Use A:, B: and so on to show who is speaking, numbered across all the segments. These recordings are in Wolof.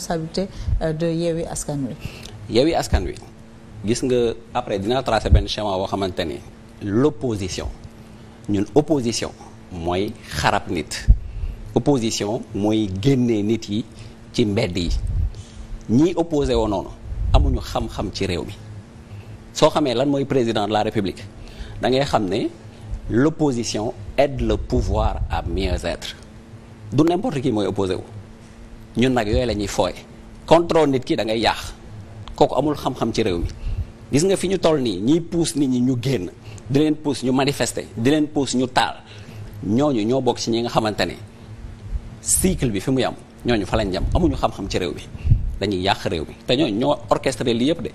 A: responsabilité euh, de Yewwi Askan
B: Wi. Askan Wi gis nga après dina tracer benn schéma boo xamante ni l'opposition ñun opposition mooy xarab nit opposition mooy génne nit yi ci mbedd yi ñii opposé woon noonu amuñu xam-xam ci réew mi soo xamee lan mooy président de la république da ngay xam ne l'opposition aide le pouvoir à mieux être du n'importe qui mooy opposé wu. ñun nag yooyu lañuy ñuy fooye contrôle nit ki da ngay yàq kooku amul xam-xam ci réew mi gis nga fi ñu toll nii ñiy puus nit ñi ñu génn di leen puus ñu manifester di leen puus ñu taal ñooñu ñoo bokk ci ñi nga xamante ne cycle bi fi mu yam ñooñu fa lañ jam amuñu xam-xam ci réew mi dañuy yàq réew mi te ñooñu ñoo orchestré lii yëpp de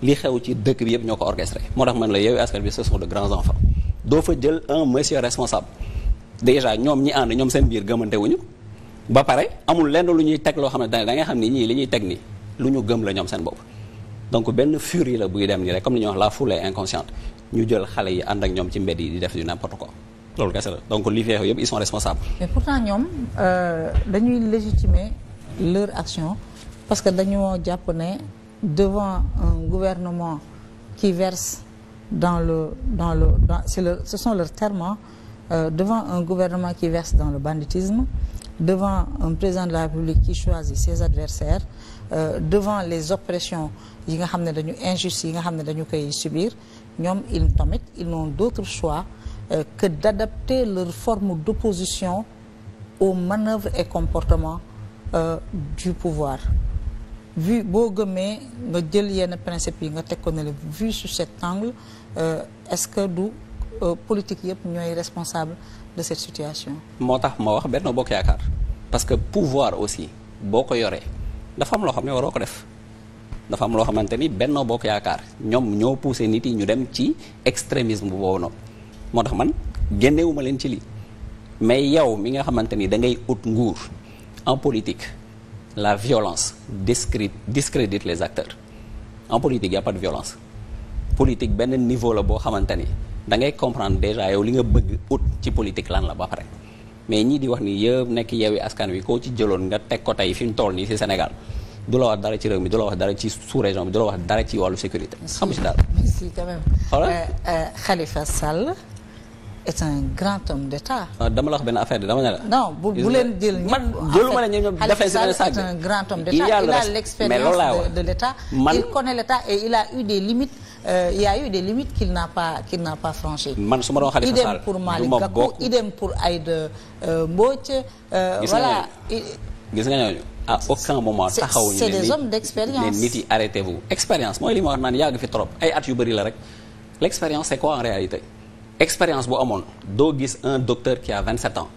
B: li xew ci dëkk bi yëpp ñoo ko orchestré moo tax man la Yewwi Askan Wi ce sont de grands enfants doo fa jël un monsieur responsable déjà ñoom ñi ànd ñoom seen biir gëmante ba pare amul lenn lu ñuy teg loo xam ne da nga xam ni ñii li ñuy teg ni lu ñu gëm la ñoom seen bopp donc benn furie la buy dem nii rek comme ni ñuy wax la foule est ñu jël xale yi ànd ak ñoom ci mbedd yi di def du n'importe quoi loolu kese la donc li fi yëpp ils sont responsables.
A: mais pourtant ñoom euh, dañuy légitimer leur action parce que dañoo jàpp ne devant un gouvernement qui verse dans le dans le dans, le ce sont leurs termes euh, devant un gouvernement qui verse dans le banditisme devant un président de la République qui choisit ses adversaires euh, devant les oppressions yi nga xam ne dañu injuste yi nga xam ne dañu koy subir ñoom ils tamit ils n'ont d'autre choix euh, que d'adapter leur forme d'opposition aux manœuvres et comportement euh, du pouvoir vu boo gëmmee nga jël yenn principe yi nga teg ko ne la vu sous cet angle euh, est-ce que du euh, politique yëpp ñooy responsable de cette
B: moo tax ma wax Benno Bokk Yaakaar parce que pouvoir aussi boo ko yoree dafa am loo xam ne waroo ko def dafa am loo xamante ni Benno Bokk Yaakaar ñoom ñoo poussé nit yi ñu dem ci extrémisme boobu noonu moo tax man génnewuma leen ci lii mais yow mi nga xamante ni da ngay ut nguur en politique la violence discrédite discrédite les acteurs en politique y a violence politique benn niveau la boo xamante ni. dangay ngay comprendre déjà yow li nga bëgg ut ci politique lan la ba pare mais ñii di wax ni yëpp nekk yeewi askan wi koo ci jëloon nga teg ko tey fi mu toll nii ci Sénégal du la wax dara ci réew mi du la wax dara ci sous région bi du la wax dara ci wàllu sécurité xamu si
A: quand même voilà euh, euh, Khalifa Sall grand homme d'État
B: ah, dama la wax benn affaire de dama ne la non bu bu leen jël man jëluma ne ñoom ñoom
A: def leen de l'État il connaît l'État et il a eu des limites Euh, il y a eu des limites qu'il n'a pas qu'il n'a pas franchi man su ma doon Khalifa Sall idem pour Malick Gakou idem pour Aïda euh, Mbodj euh, voilà gis
B: nga ñooñu à aucun moment taxaw ñu c'est des hommes
A: d'expérience ne
B: nit yi arrêtez vous expérience mooy li ma wax naan yàgg fi trop ay at yu bëri la rek l'expérience c'est quoi en réalité expérience bu amoon doo gis un docteur qui a 27 ans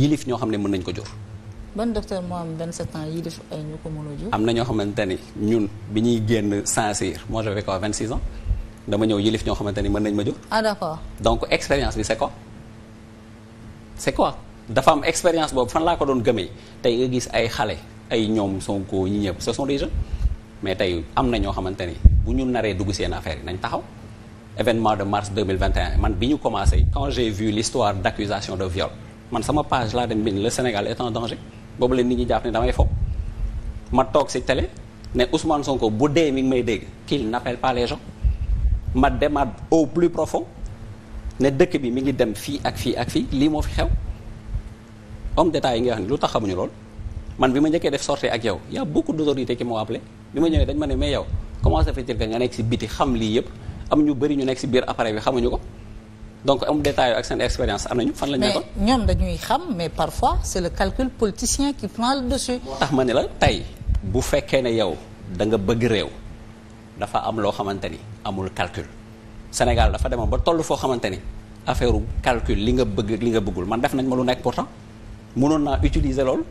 B: yilif ñoo xam ne mën nañ ko jur
A: ban docteur moo am 27 ans yilif ay ñu ko mën jur am
B: na ñoo xamante ni ñun bi ñuy génn Saint-Cyr moi j'avais quoi 26 ans dama ñëw yilif ñoo xamante ni mën nañ ma jur. ah d'accord donc expérience bi c'est quoi c'est quoi dafa am expérience boobu fan laa ko doon gëmee tey nga gis ay xale ay ñoom Sonko ñi ñëpp ce sont des jeunes mais tey am na ñoo xamante ni bu ñu naree dugg seen affaire yi nañ taxaw. événement de mars 2021 man bi ñu commencé quand j'ai vu l'histoire d'accusation de viol man sama page laa dem bind le Sénégal est en danger boobu leen nit ñi jàpp ne damay foog ma toog ci télé ne Ousmane Sonko bu dee mi may dégg qu'il n'appelle pas les ma demaat au plus profond ne dëkk bi mi ngi dem fii ak fii ak fii lii moo fi xew homme d'état yi nga xam ne lu tax xamuñu lool man bi ma njëkkee def sortie ak yow y a beaucoup d'autorités qui m'ont appelé bi ma ñëwee dañ ma ne mais yow comment ça fait que nga nekk si biti xam lii yëpp am ñu bëri ñu nekk si biir appareil bi xamuñu ko donc om détail ak seen expérience am nañu fan lañ nekkoon
A: mais ñoom dañuy xam mais parfois c'est le calcul politicien qui prend le dessus. tax
B: ma ne la tey bu fekkee ne yow da nga bëgg réew dafa am loo xamante ni amul calcul Sénégal dafa demoon ba toll foo xamante ni affaire calcul li nga bëgg li nga bëggul man def nañ ma lu nekk pourtant mënoon naa utiliser loolu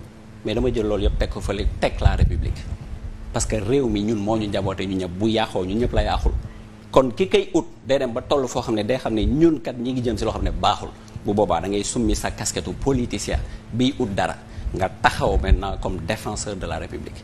B: mais dama jël loolu yëpp teg ko fële teg la république parce que réew mi ñun moo ñu njaboote ñu ñëpp bu yaaxoo ñu ñëpp la yaaxul kon ki kay ut day dem ba toll foo xam ne day xam ne ñun kat ñi ngi jëm si loo xam ne baaxul bu boobaa da ngay summi sa casquette politicien biy ut dara nga taxaw maintenant comme défenseur de la république